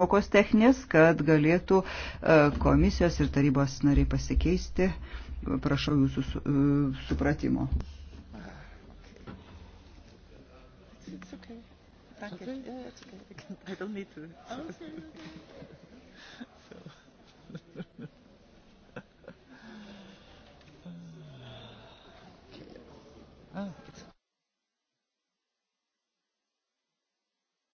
pamokos techninės, kad galėtų e, komisijos ir tarybos nariai pasikeisti. Prašau jūsų e, supratimo. It's okay. It's okay. Yeah, it's okay. I don't need to. Oh, okay. so. ah, it's